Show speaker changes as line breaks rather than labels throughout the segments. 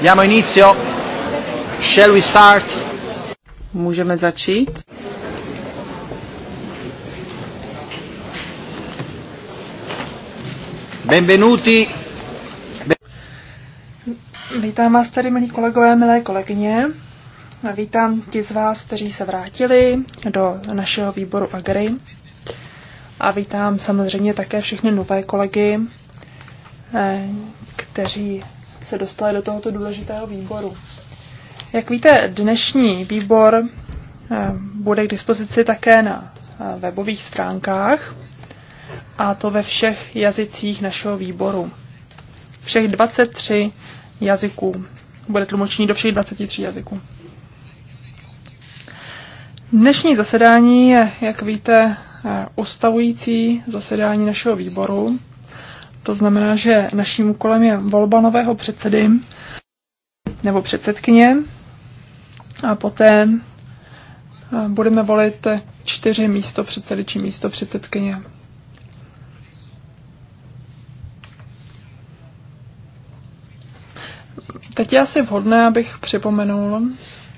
Diamo inizio.
Shall we start?
Můžeme začít. Benvenuti.
Vítám vás tady, milí kolegové, milé kolegyně. A vítám ti z vás, kteří se vrátili do našeho výboru Agri. A vítám samozřejmě také všechny nové kolegy, eh, kteří se dostali do tohoto důležitého výboru. Jak víte, dnešní výbor eh, bude k dispozici také na eh, webových stránkách a to ve všech jazycích našeho výboru. Všech 23 jazyků. Bude tlumočení do všech 23 jazyků. Dnešní zasedání je, jak víte, eh, ustavující zasedání našeho výboru. To znamená, že naším úkolem je volba nového předsedy nebo předsedkyně a poté eh, budeme volit čtyři místo předsedy či místo předsedkyně. Teď je asi vhodné, abych připomenul,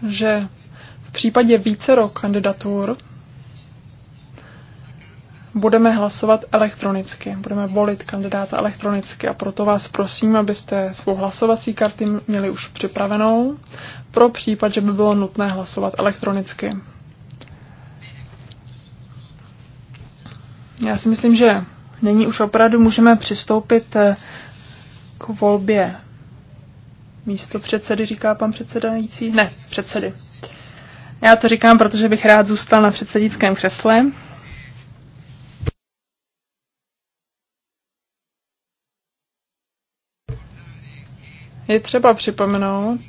že v případě vícero kandidatur budeme hlasovat elektronicky, budeme volit kandidáta elektronicky a proto vás prosím, abyste svou hlasovací karty měli už připravenou pro případ, že by bylo nutné hlasovat elektronicky. Já si myslím, že nyní už opravdu můžeme přistoupit eh, k volbě místo předsedy, říká pan předsedající. Ne, předsedy. Já to říkám, protože bych rád zůstal na předsednickém křesle. Je třeba připomenout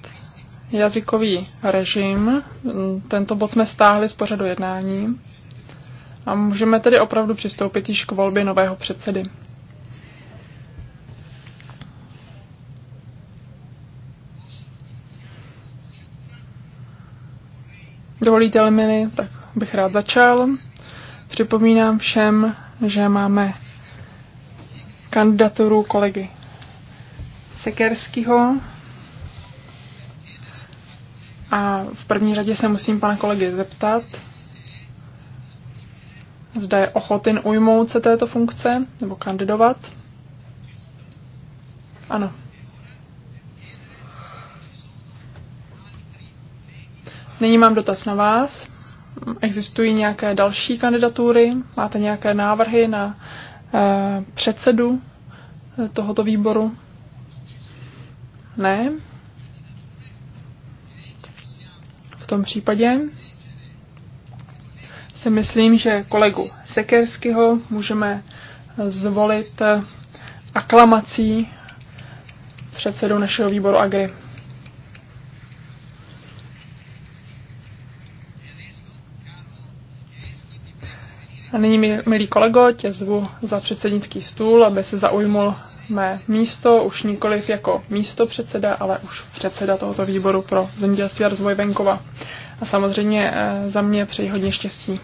jazykový režim. Tento bod jsme stáhli z pořadu jednání a můžeme tedy opravdu přistoupit již k volbě nového předsedy. dovolíte mi, tak bych rád začal. Připomínám všem, že máme kandidaturu kolegy Sekerského. A v první řadě se musím pana kolegy zeptat, zda je ochoten ujmout se této funkce nebo kandidovat. Ano. Nyní mám dotaz na vás. Existují nějaké další kandidatury? Máte nějaké návrhy na eh, předsedu eh, tohoto výboru? Ne? V tom případě si myslím, že kolegu Sekerskyho můžeme zvolit eh, aklamací předsedu našeho výboru Agri. A nyní, milý kolego, tě zvu za předsednický stůl, aby se zaujmul mé místo, už nikoliv jako místo předseda, ale už předseda tohoto výboru pro zemědělství a rozvoj venkova. A samozřejmě eh, za mě přeji hodně štěstí.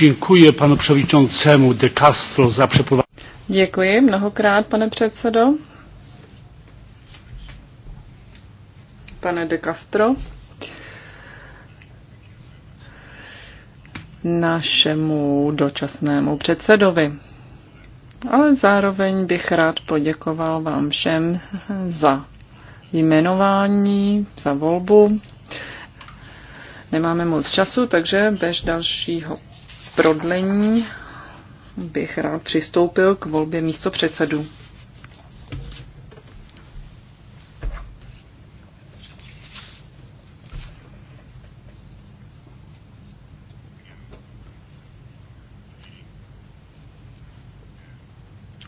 Děkuji panu předsedajícímu de Castro za přeprovádění.
Děkuji mnohokrát, pane předsedo. Pane de Castro. našemu dočasnému předsedovi. Ale zároveň bych rád poděkoval vám všem za jmenování, za volbu. Nemáme moc času, takže bez dalšího prodlení bych rád přistoupil k volbě místo předsedu.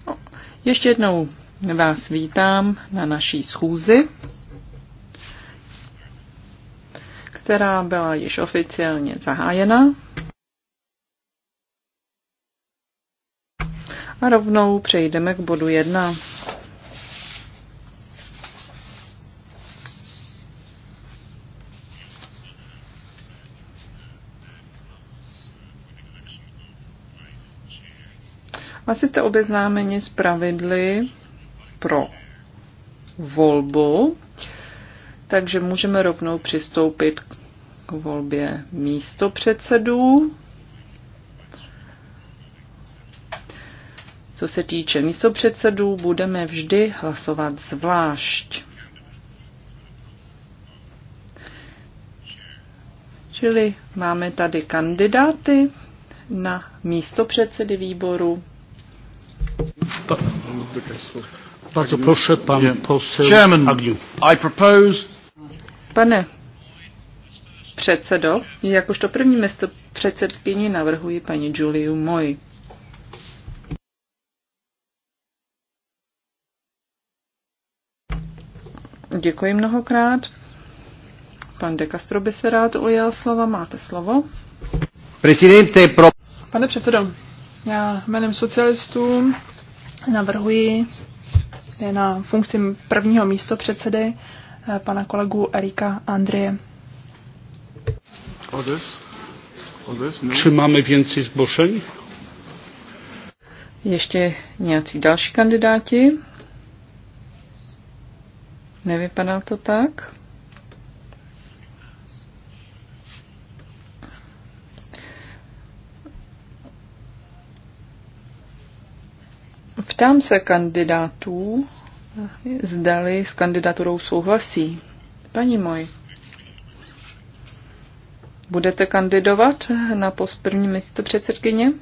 No, ještě jednou vás vítám na naší schůzi, která byla již oficiálně zahájena. A rovnou přejdeme k bodu 1. Asi jste obeznámeni s pravidly pro volbu, takže můžeme rovnou přistoupit k volbě místo předsedů. Co se týče místopředsedů, budeme vždy hlasovat zvlášť. Čili máme tady kandidáty na místo předsedy výboru. Pane předsedo, jakožto první místo předsedkyni navrhuji paní Juliu Moj. Děkuji mnohokrát.
Pan De Castro by se rád ujal slova. Máte slovo.
Presidente pro...
Pane předsedo, já jménem socialistů navrhuji je na funkci prvního místo předsedy eh, pana kolegu Erika Andrie.
Odes? Odes? No. Czy mamy
Ještě nějací další kandidáti? Nevypadá to tak. Ptám se kandidátů, zdali s kandidaturou souhlasí. Paní moj, budete kandidovat na post první místo předsedkyně?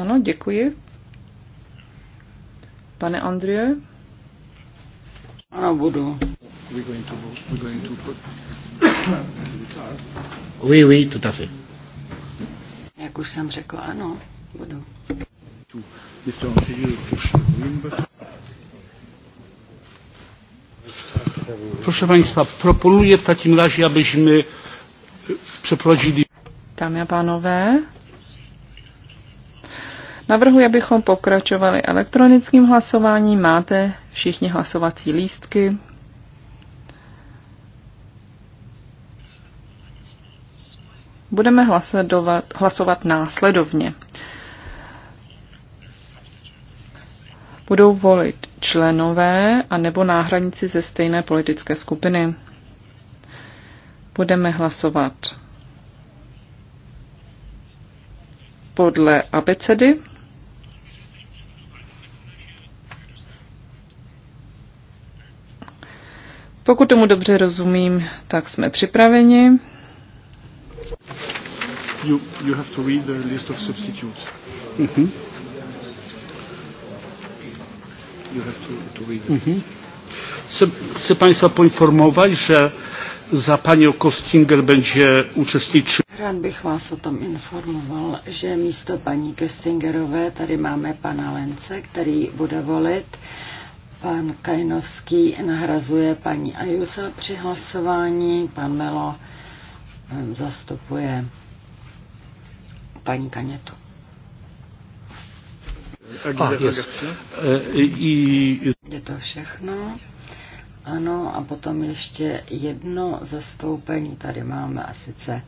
Ano, děkuji. Pane Andrie?
Ano, budu.
Oui, oui, tout à fait.
Jak už jsem řekl, ano, budu.
Proszę Państwa, proponuję w takim razie, abyśmy e, przeprowadzili.
Tam ja pánové, Navrhuji, abychom pokračovali elektronickým hlasováním. Máte všichni hlasovací lístky. Budeme hlasovat, hlasovat následovně. Budou volit členové a nebo náhradníci ze stejné politické skupiny. Budeme hlasovat podle abecedy Pokud tomu dobře rozumím, tak jsme připraveni.
You, you have to read the list of substitutes. Mm-hmm. You have to, to read mm-hmm. Chcę, chcę Państwa poinformować, że za panią Kostinger będzie uczestniczył.
Rád bych vás o tom informoval, že místo paní Köstingerové tady máme pana Lence, který bude volit Pan Kajnovský nahrazuje paní Ajusa při hlasování, pan Melo ehm, zastupuje paní Kanětu. Ah, ah yes. Eh, Je to všechno. Ano, a potom ještě jedno zastoupení tady máme a sice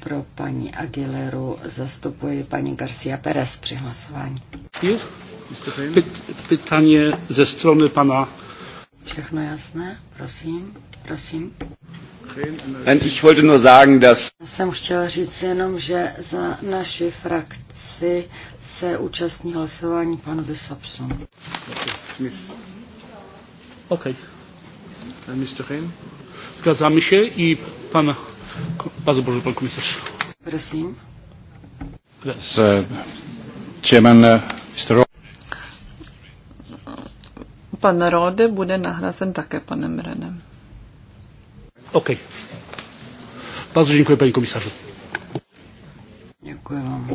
pro paní Aguileru zastupuje paní Garcia Perez při hlasování.
Py, pytanie ze strony pana.
Všechno jasné, prosím, prosím. Ich
wollte nur sagen, dass
Já jsem chtěl říct jenom, že za naši frakci se účastní hlasování pan Vysapson.
OK. Eh, Mr. Hein? Zgadzamy się i pan... Bardzo proszę, pan komisarz. Prosím. Yes. Uh, chairman, uh, eh, Mr.
Pan Rode bude nahrazen také panem Renem.
OK. Bardzo dziękuję, panie komisarzu. Děkuji vám.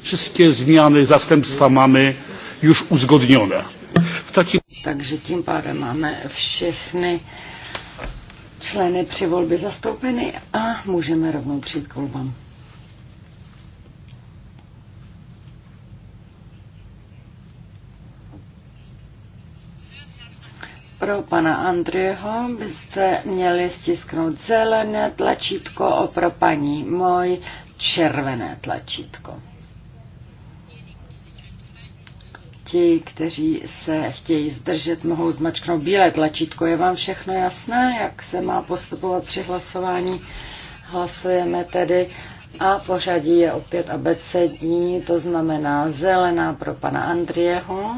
Wszystkie zmiany zastępstwa mamy już uzgodnione.
W takim... Takže tym pádem máme wszystkie členy przy volbě zastąpione, a můžeme rovnou przyjść k Pro pana Andrého byste měli stisknout zelené tlačítko a pro paní Moj červené tlačítko. Ti, kteří se chtějí zdržet, mohou zmačknout bílé tlačítko. Je vám všechno jasné, jak se má postupovat při hlasování? Hlasujeme tedy a pořadí je opět abecední, to znamená zelená pro pana Andrieho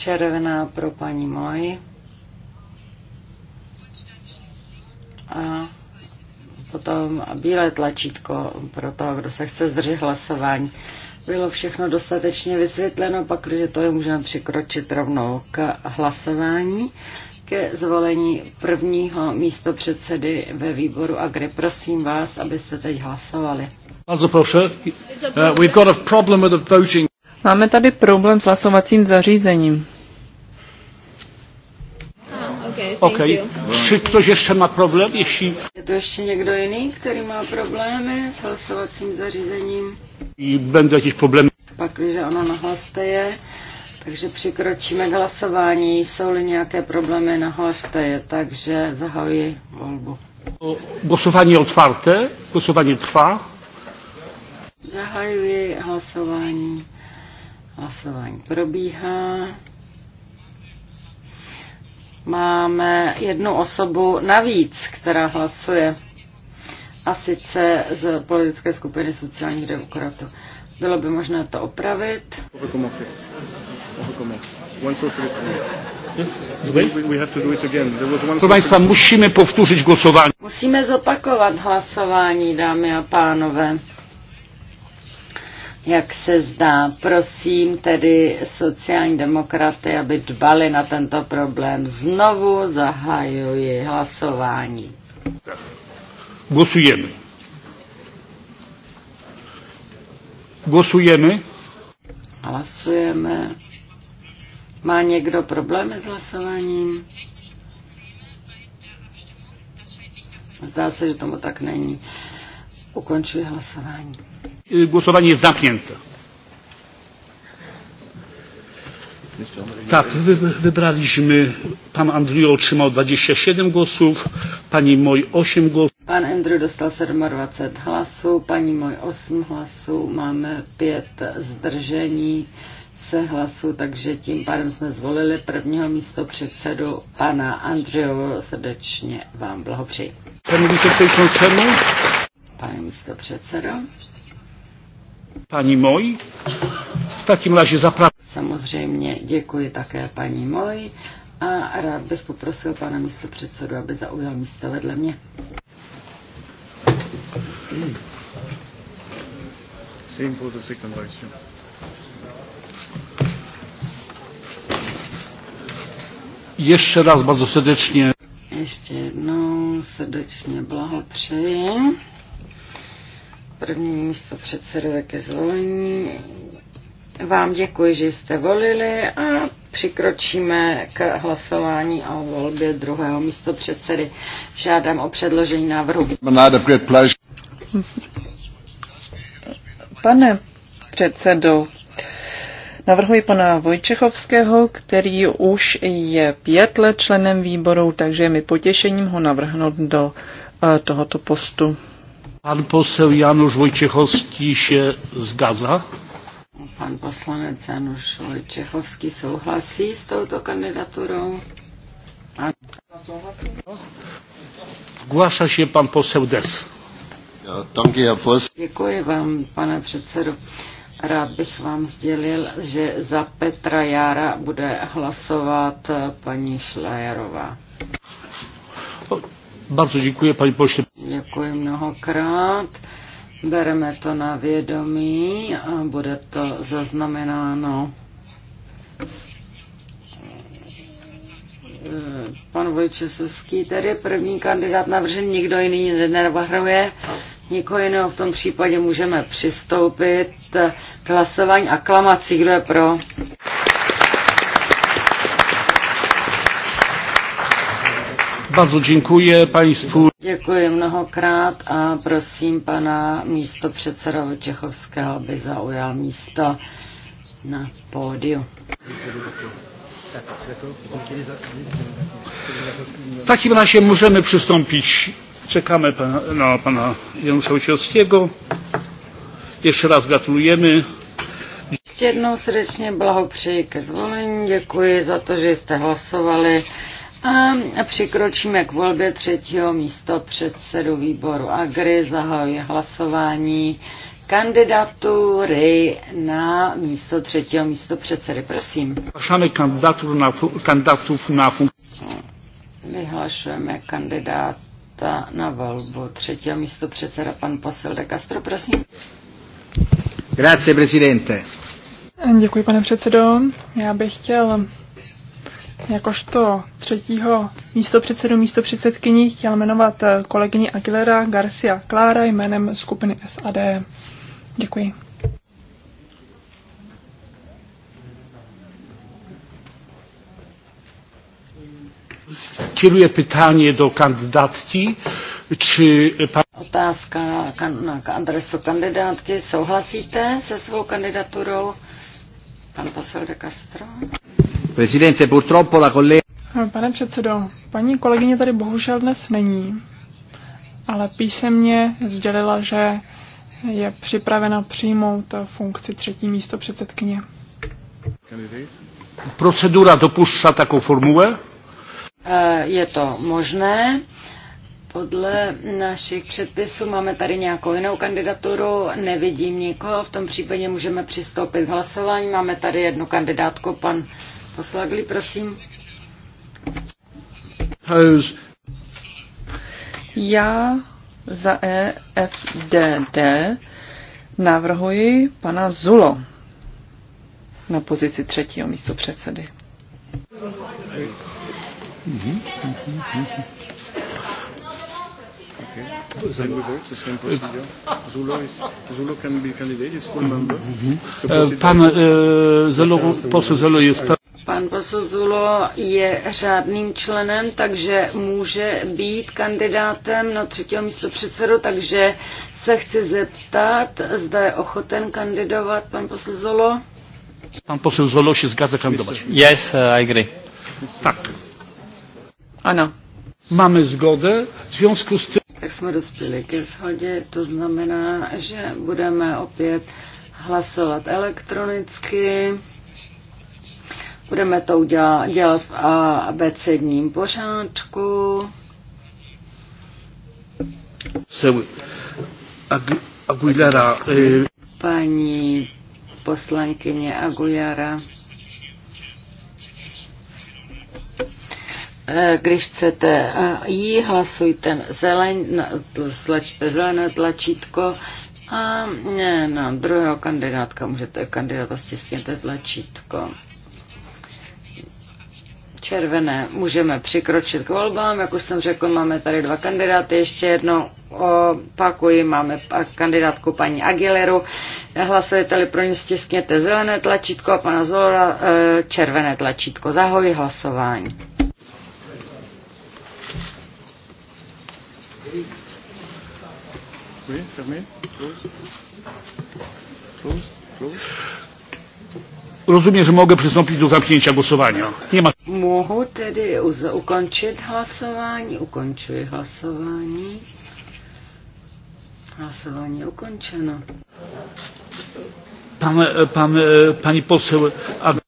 červená pro paní moji. A potom bílé tlačítko pro toho, kdo se chce zdržet hlasování. Bylo všechno dostatečně vysvětleno, pak, když to je, můžeme přikročit rovnou k hlasování ke zvolení prvního místo předsedy ve výboru Agri. Prosím vás, abyste teď hlasovali.
Uh, we've got a problem with the voting.
Máme tady problém s hlasovacím zařízením.
Ah, okay. Czy že
se má problém, ještě...
Je to ještě někdo jiný, který má problémy s hlasovacím zařízením?
I będą jakieś problém.
Pak, když ona nahlaste je, takže přikročíme k hlasování. Jsou-li nějaké problémy, nahlaste je, takže zahajuji volbu.
je otvárte, hlasování trvá.
Zahajuji hlasování. Hlasování probíhá. Máme jednu osobu navíc, která hlasuje. A sice z politické skupiny sociálních demokratů. Bylo by možné to opravit. Pro Państwa,
musíme powtórzyć hlasování.
Musíme zopakovat hlasování, dámy a pánové jak se zdá. Prosím tedy sociální demokraty, aby dbali na tento problém. Znovu zahajuji hlasování. Głosujemy. Głosujemy. Hlasujeme. Má někdo problémy s hlasováním? Zdá se, že tomu tak není. Ukončuji hlasování. Głosowanie jest
zamknięte. Tak, wy, wybraliśmy. Pan Andrew otrzymał 27 głosów, pani Moj 8 głosów.
Pan Andrew dostal 27 hlasů, pani Moj 8 hlasů, máme 5 zdržení se hlasů, takže tím pádem jsme zvolili prvního místo předsedu pana Andrew. Srdečně vám blahopřeji. Panu místo předsedo. Pane místo předsedo. Pani Moj, v takém razie zapraszam. Samozřejmě děkuji také paní Moj a rád bych poprosil pana předsedu, aby zaujal místo vedle mě. Same for the second
vice. Ještě raz bardzo srdečně.
Ještě jednou srdečně blahopřeji první místo předsedové ke zvolení. Vám děkuji, že jste volili a přikročíme k hlasování o volbě druhého místo předsedy. Žádám o předložení návrhu.
Pane předsedo, navrhuji pana Vojčechovského, který už je pět let členem výboru, takže je mi potěšením ho navrhnout do eh, tohoto postu.
Pan posel Janusz Wojciechowski se zgadza.
Pan poslanec Janusz Wojciechowski souhlasí s touto kandidaturou. A...
Głasza się pan poseł Des.
Děkuji vám, pane předsedo. Rád bych vám sdělil, že za Petra Jára bude hlasovat paní Šlajerová.
Bardzo dziękuję, panie pośle.
Děkuji mnohokrát. Bereme to na vědomí a bude to zaznamenáno. Pan Vojčesovský, tedy první kandidát navržen, nikdo jiný nenavrhuje. Nikoho jiného v tom případě můžeme přistoupit k hlasování aklamací. Kdo je pro?
Bardzo dziękuję Państwu.
Děkuji mnohokrát a prosím pana místo předsedovi Čechovského, aby zaujal místo na pódiu.
W takim razie możemy
przystąpić.
Czekamy pana, na pana Janusza Wojciechowskiego. Ještě raz gratulujeme.
Ještě jednou srdečně blahopřeji ke zvolení. Děkuji za to, že jste hlasovali. A přikročíme k volbě třetího místo předsedu výboru Agri. Zahajuji hlasování kandidatury na místo třetího místo předsedy. Prosím. Vyhlašujeme kandidáta na volbu třetího místo předseda pan posel de Castro, prosím.
Grazie, presidente.
Děkuji, pane předsedo. Já bych chtěl Jakožto třetího místopředsedu místopředsedkyní chtěl jmenovat eh, kolegyni Aguilera Garcia Clara jménem skupiny SAD. Děkuji.
Kieruję pytanie do kandydatki. Či pan...
Otázka na, kan, na adresu kandidátky. Souhlasíte se svou kandidaturou? Pan posel de Castro
purtroppo la collega...
Eh, pane předsedo, paní kolegyně tady bohužel dnes není, ale písemně sdělila, že je připravena přijmout
funkci třetí místo předsedkyně.
Procedura dopušťa takovou formule?
Eh, je to možné. Podle našich předpisů máme tady nějakou jinou kandidaturu, nevidím nikoho, v tom případě můžeme přistoupit k hlasování. Máme tady jednu kandidátku, pan Poslagli, prosím.
Já
za EFDD navrhuji pana Zulo na pozici třetího místo předsedy.
Pan
e, Zulo poseł Zelo jest
Basozulo je řádným členem, takže může být kandidátem na třetího místo předsedu, takže se chci zeptat, zda je ochoten kandidovat pan Basozulo.
Pan Basozulo se zgadza kandidovat. Yes, uh, I agree. Tak. Ano. Máme
zgodę, v związku z tym... Tak jsme dospěli ke shodě, to znamená, že budeme opět hlasovat elektronicky. Budeme to udělat, dělat v abecedním pořádku.
Aguilera. E-
Paní poslankyně Aguilera. E, když chcete jí, hlasujte zeleň, slačte zelené tlačítko a ne, na druhého kandidátka můžete kandidáta stiskněte tlačítko červené. Můžeme přikročit k volbám, jak už jsem řekl, máme tady dva kandidáty, ještě jedno opakuji, máme kandidátku paní Aguileru, hlasujete-li pro ní, stiskněte zelené tlačítko a pana Zora eh, červené tlačítko. Zahoj hlasování.
Oui, fermé, close,
close, close
rozumím, že mohu přistoupit do zamknięcia a hlasování.
ma... Mohu tedy ukončit hlasování, ukončuji hlasování. Hlasování ukončeno.
Pan, e, pan, e, pani poseł Agnieszka.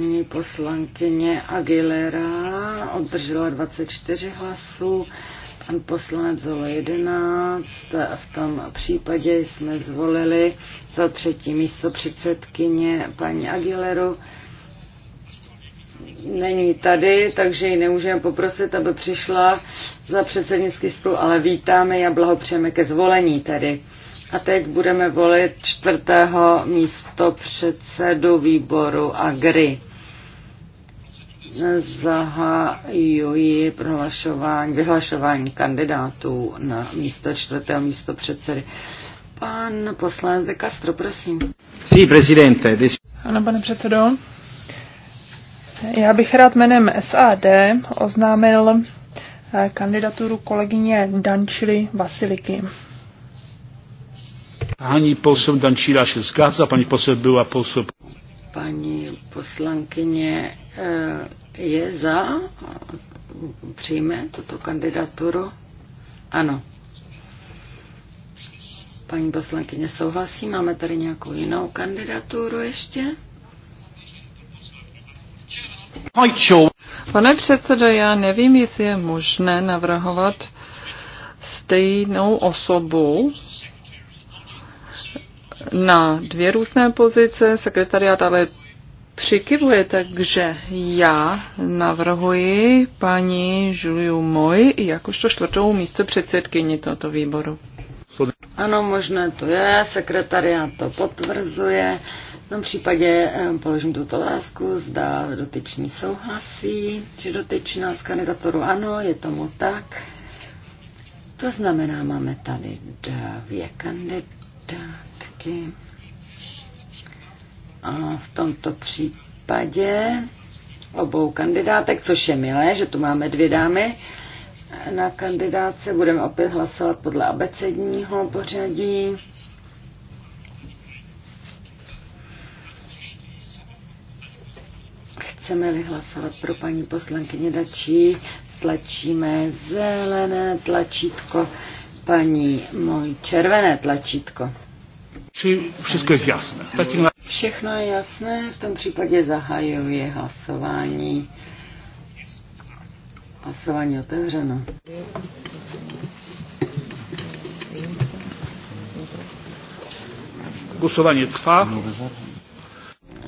Paní poslankyně Aguilera obdržela 24 hlasů, pan poslanec Zolo 11. V tom případě jsme zvolili za třetí místo předsedkyně paní Aguileru. Není tady, takže ji nemůžeme poprosit, aby přišla za předsednický stůl, ale vítáme ji a blahopřejeme ke zvolení tedy. A teď budeme volit čtvrtého místo předsedu výboru Agri zahajuji prohlašování, vyhlašování kandidátů na místo čtvrtého místo předsedy. Pan poslanec de Castro, prosím.
Sí, prezidente. Des...
Ano, pane předsedo. Já bych rád
jménem SAD oznámil eh, kandidaturu kolegyně Dančily
Vasiliky.
Pani posob Dančila się zgadza, pani poseł Byla poseł.
Pani poslankyně eh, je za, přijme tuto kandidaturu? Ano. Paní poslankyně souhlasí, máme tady nějakou jinou kandidaturu ještě?
Pane předsedo, já nevím, jestli je možné navrhovat stejnou osobu na dvě různé pozice. Sekretariát ale přikivuje, takže já navrhuji paní Juliu Moj jakožto čtvrtou místo předsedkyni tohoto výboru.
Ano, možné to je, sekretariát to potvrzuje. V tom případě eh, položím tuto otázku, zda dotyčný souhlasí, či dotyčná z kandidatoru. ano, je tomu tak. To znamená, máme tady dvě kandidátky. A v tomto případě obou kandidátek, což je milé, že tu máme dvě dámy. Na kandidáce budeme opět hlasovat podle abecedního pořadí. Chceme-li hlasovat pro paní poslankyně Dačí, tlačíme zelené tlačítko, paní moje červené tlačítko. Či všechno je jasné? Všechno je jasné, v tom případě zahajuje hlasování. Hlasování otevřeno.
Hlasování trvá.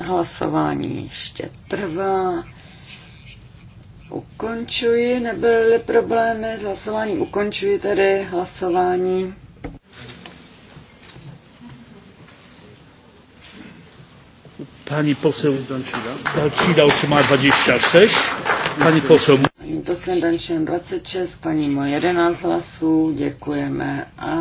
Hlasování ještě trvá. Ukončuji, nebyly problémy s hlasováním. Ukončuji tedy hlasování.
Pani poseł Dalcida otrzymała 26. Pani poseł. Pani
poseł Dančen 26, paní Mo 11 děkujeme a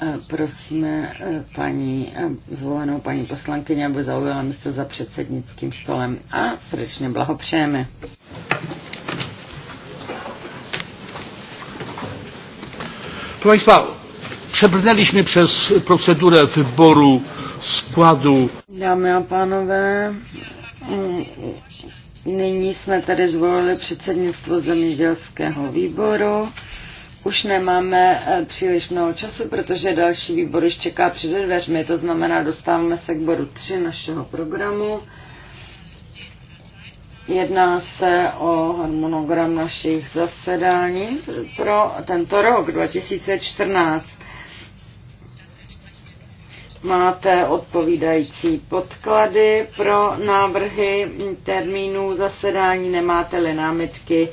e, prosíme paní e, zvolenou paní poslankyně, aby zaujala místo za předsednickým stolem a srdečně blahopřejeme.
Proszę Państwa, przebrnęliśmy przez procedurę wyboru składu.
Dámy a pánové, nyní jsme tady zvolili předsednictvo zemědělského výboru. Už nemáme eh, příliš mnoho času, protože další výbor už čeká před dveřmi, to znamená dostáváme se k bodu 3 našeho programu. Jedná se o harmonogram našich zasedání pro tento rok 2014. Máte odpovídající podklady pro návrhy termínů zasedání, nemáte-li námitky,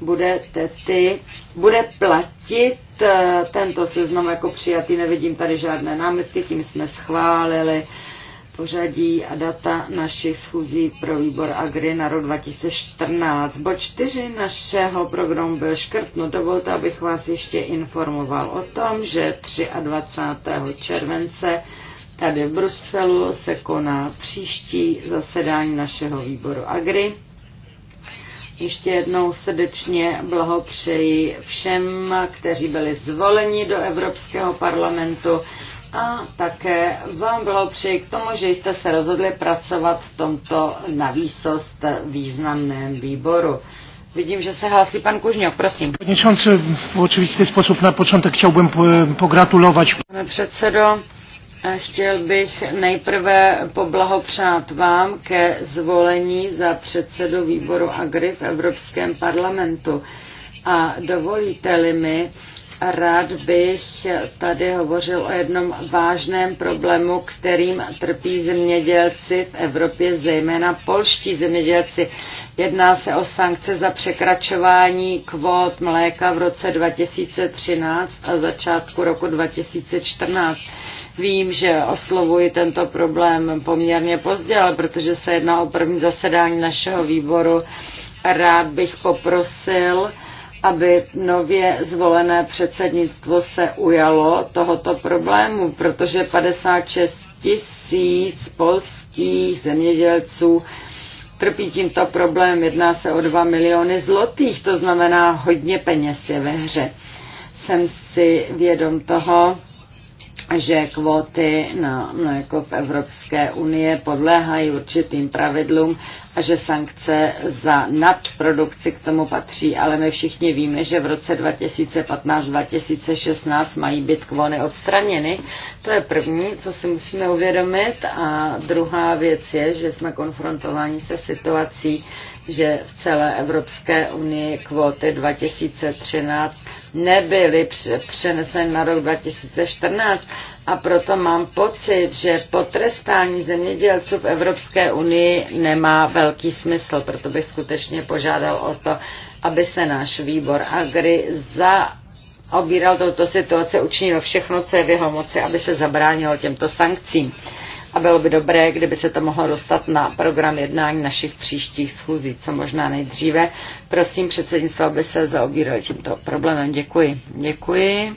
budete ty, bude platit eh, tento seznam jako přijatý, nevidím tady žádné námitky, tím jsme schválili pořadí a data našich schůzí pro výbor Agri na rok 2014. Bod 4 našeho programu byl škrtnut. Dovolte, abych vás ještě informoval o tom, že 23. července Tady v Bruselu se koná příští zasedání našeho výboru Agri. Ještě jednou srdečně blahopřeji všem, kteří byli zvoleni do Evropského parlamentu a také vám blahopřeji k tomu, že jste se rozhodli pracovat v tomto navýsost významném výboru. Vidím, že se hlásí pan Kužňov, prosím. na Pane předsedo, Chtěl bych nejprve poblahopřát vám ke zvolení za předsedu výboru AGRI v Evropském parlamentu. A dovolíte-li mi, Rád bych tady hovořil o jednom vážném problému, kterým trpí zemědělci v Evropě, zejména polští zemědělci. Jedná se o sankce za překračování kvót mléka v roce 2013 a začátku roku 2014. Vím, že oslovuji tento problém poměrně pozdě, ale protože se jedná o první zasedání našeho výboru, rád bych poprosil, aby nově zvolené předsednictvo se ujalo tohoto problému, protože 56 tisíc polských zemědělců trpí tímto problém. Jedná se o 2 miliony zlotých, to znamená hodně peněz je ve hře. Jsem si vědom toho, že kvóty na mléko v Evropské unie podléhají určitým pravidlům a že sankce za nadprodukci k tomu patří, ale my všichni víme, že v roce 2015-2016 mají být kvóny odstraněny. To je první, co si musíme uvědomit. A druhá věc je, že jsme konfrontováni se situací, že v celé Evropské unii kvóty 2013 nebyly přeneseny na rok 2014 a proto mám pocit, že potrestání zemědělců v Evropské unii nemá velký smysl. Proto bych skutečně požádal o to, aby se náš výbor Agri za obíral touto situace, učinil všechno, co je v jeho moci, aby se zabránilo těmto sankcím a bylo by dobré, kdyby se to mohlo dostat na program jednání našich příštích schůzí, co možná nejdříve. Prosím předsednictvo, aby se zaobíralo tímto problémem. Děkuji. Děkuji.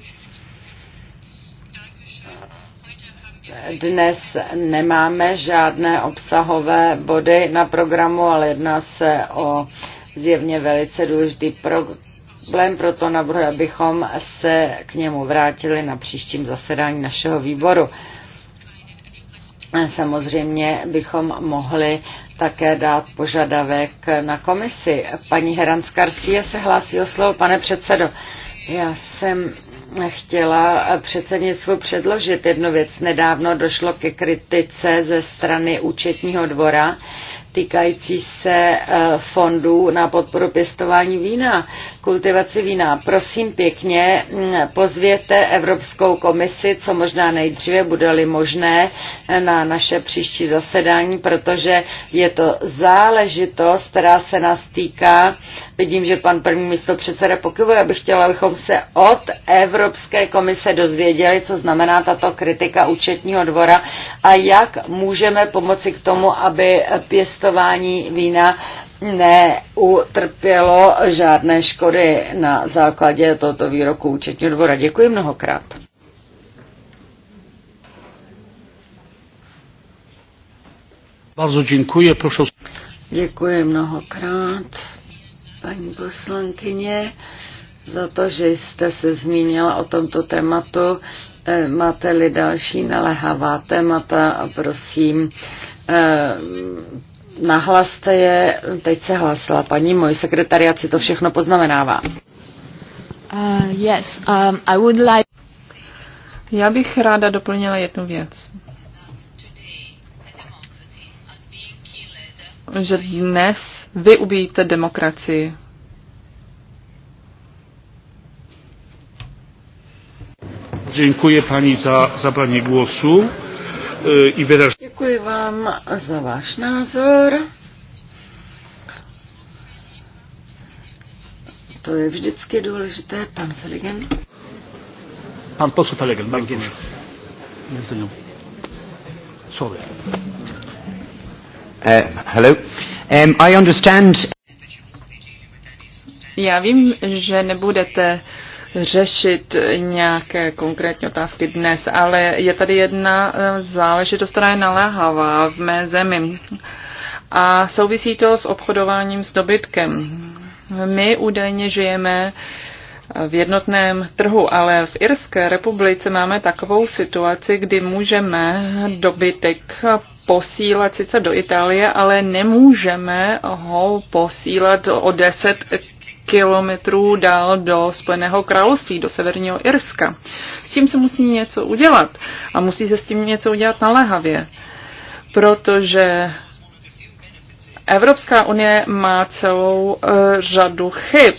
Dnes nemáme žádné obsahové body na programu, ale jedná se o zjevně velice důležitý problém, proto navrhuji, abychom se k němu vrátili na příštím zasedání našeho výboru. Samozřejmě bychom mohli také dát požadavek na komisi. Paní Heranz Garcia se hlásí o slovo. Pane předsedo, já jsem chtěla předsednictvu předložit jednu věc. Nedávno došlo ke kritice ze strany účetního dvora, týkající se eh, fondů na podporu pěstování vína, kultivaci vína. Prosím pěkně, mm, pozvěte Evropskou komisi, co možná nejdříve bude-li možné eh, na naše příští zasedání, protože je to záležitost, která se nás týká. Vidím, že pan první místo předseda pokyvuje, abych chtěla, abychom se od Evropské komise dozvěděli, co znamená tato kritika účetního dvora a jak můžeme pomoci k tomu, aby pěstování pěstování vína neutrpělo žádné škody na základě tohoto výroku účetního dvora. Děkuji mnohokrát.
Bardzo děkuji, proszę.
Děkuji mnohokrát, paní poslankyně, za to, že jste se zmínila o tomto tématu. Eh, máte-li další naléhavá témata, prosím, eh, Nahlaste je, teď se hlásila paní, můj sekretariat si to všechno poznamenává.
Uh, yes, um, I would like...
Já bych ráda doplnila jednu věc. Že dnes vy ubíjíte demokracii.
Dziękuję pani za zabranie głosu. Eh, i wyraż...
Děkuji vám za váš názor. To je vždycky důležité. Pan Feligen.
Pan poseł Feligen, pan proszę. Między nią. Sorry.
Uh, hello. Um, I understand...
Já vím, že nebudete řešit nějaké konkrétní otázky dnes, ale je tady jedna eh, záležitost, která je naléhavá v mé zemi a souvisí to s obchodováním s dobytkem. My údajně žijeme eh, v jednotném trhu, ale v Irské republice máme takovou situaci, kdy můžeme dobytek posílat sice do Itálie, ale nemůžeme ho posílat o 10 kilometrů dál do Spojeného království, do Severního Irska. S tím se musí něco udělat a musí se s tím něco udělat naléhavě, protože Evropská unie má celou uh, řadu chyb,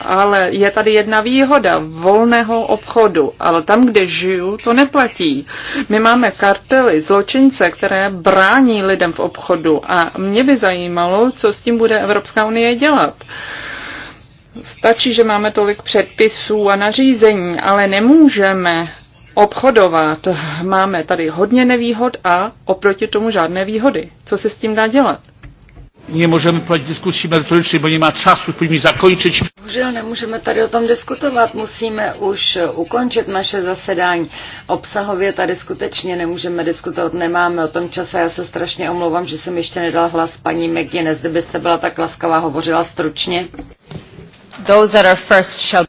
ale je tady jedna výhoda volného obchodu, ale tam, kde žiju, to neplatí. My máme kartely, zločince, které brání lidem v obchodu a mě by zajímalo, co s tím bude Evropská unie dělat. Uh, Stačí, že máme tolik předpisů a nařízení, ale nemůžeme obchodovat. Máme tady hodně nevýhod a oproti tomu
žádné výhody. Co se s tím dá dělat?
Nie możemy prowadzić dyskusji merytorycznej, bo nie ma czasu, powinni zakończyć.
Bohužel nemůžeme tady o tom diskutovat, musíme už ukončit naše zasedání. Obsahově tady skutečně nemůžeme diskutovat, nemáme o tom čase. Já se strašně omlouvám, že jsem ještě nedal hlas paní McGuinness. Kdybyste byla tak laskavá, hovořila stručně. Those that are first shall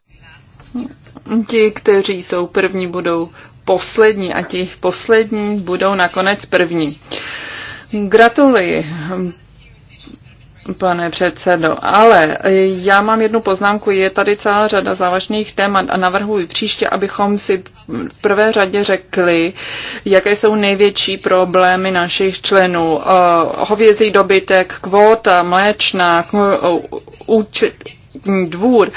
Ti, kteří jsou
první, budou poslední a ti poslední budou nakonec první. Gratuluji, pane předsedo, ale já mám jednu poznámku. Je tady celá řada závažných témat a navrhuji příště, abychom si v prvé řadě řekli, jaké jsou největší problémy našich členů. Eh, hovězí dobytek, kvóta, mléčná, eh, účet dvůr.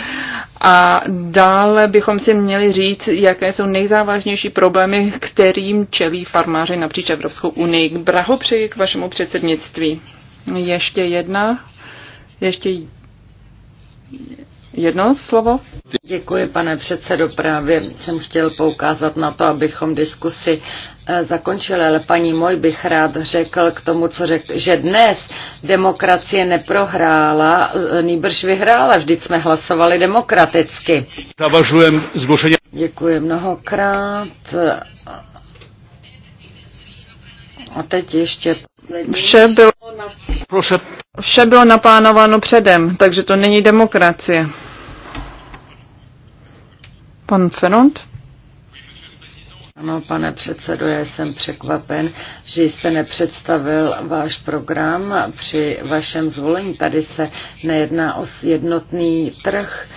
A dále bychom si měli říct, jaké jsou nejzávažnější problémy, kterým čelí farmáři napříč Evropskou unii. Blahopřeji k vašemu předsednictví. Ještě jedna, ještě
jedno slovo? Děkuji, pane předsedo. Právě jsem chtěl poukázat na to, abychom diskusi eh, zakončili, ale paní Moj bych rád řekl k tomu, co řekl, že dnes demokracie neprohrála, eh, nýbrž vyhrála, vždyť jsme hlasovali demokraticky. Zavažujem zgošení. Děkuji mnohokrát a teď ještě
Vše bylo, vše bylo naplánováno předem, takže to není demokracie. Pan Ferond?
Ano, pane předsedo, já jsem překvapen, že jste nepředstavil váš program při vašem zvolení. Tady se nejedná o jednotný trh.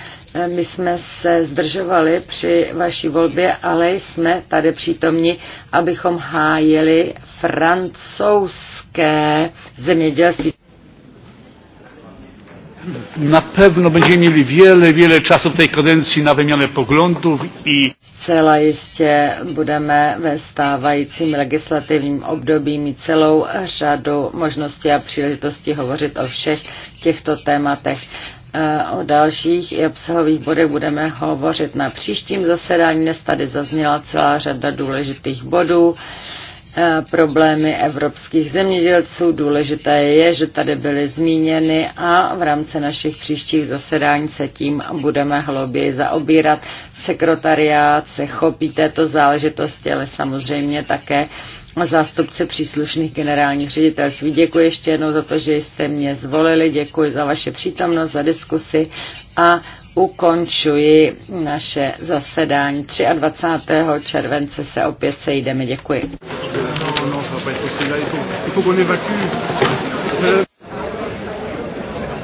My jsme se zdržovali při vaší volbě, ale jsme tady přítomni, abychom hájili francouzské zemědělství.
Na pewno będziemy mieli wiele, wiele czasu w tej kadencji na wymianę poglądów i...
Zcela jistě budeme ve stávajícím legislativním období mít celou řadu možností a příležitostí hovořit o všech těchto tématech. Eh, o dalších i obsahových bodech budeme hovořit na příštím zasedání. Dnes tady zazněla celá řada důležitých bodů eh, problémy evropských zemědělců. Důležité je, že tady byly zmíněny a v rámci našich příštích zasedání se tím budeme hlouběji zaobírat. Sekretariát se chopí této záležitosti, ale samozřejmě také zástupce příslušných generálních ředitelství. Děkuji ještě jednou za to, že jste mě zvolili, děkuji za vaše přítomnost, za diskusy a ukončuji naše zasedání. 23. července se opět sejdeme. Děkuji.